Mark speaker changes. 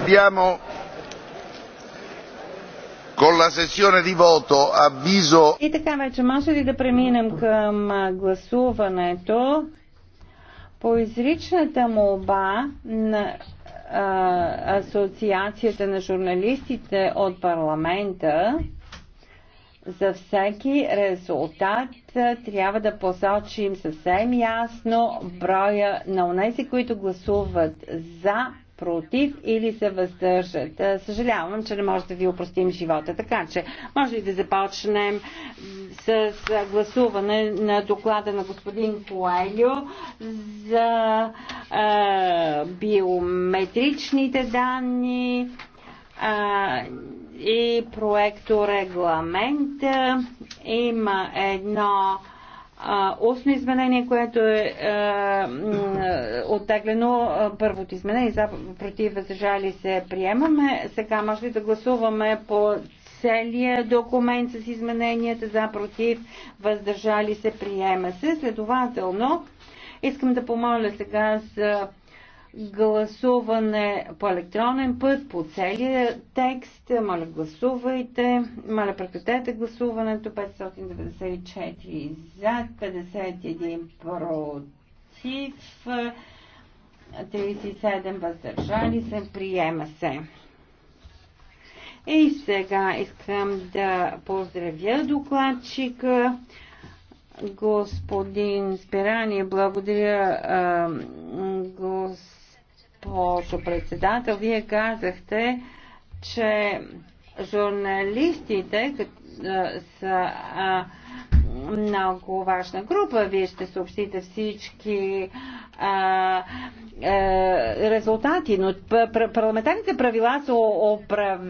Speaker 1: Abbiamo con la sessione di voto avviso. И така вече може ли да преминем към гласуването по изричната молба на а, Асоциацията на журналистите от парламента за всеки резултат трябва да посочим съвсем ясно броя на унези, които гласуват за против или се въздържат. Е, съжалявам, че не може да ви упростим живота. Така че, може ли да започнем с гласуване на доклада на господин Коелю за а, е, биометричните данни а, е, и регламент. Има едно а, устно изменение, което е е, оттеглено първото изменение, за против въздържали се приемаме. Сега може ли да гласуваме по целия документ с измененията за против въздържали се приема се. Следователно, искам да помоля сега за гласуване по електронен път, по целия текст. Моля, гласувайте. Моля, прекратете гласуването. 594 за, 51 против, 37 въздържали се. Приема се. И сега искам да поздравя докладчика господин Спирани. Благодаря, а, гос госпожо председател. Вие казахте, че журналистите са много важна група. Вие ще съобщите всички а, а, е, резултати, но парламентарните правила са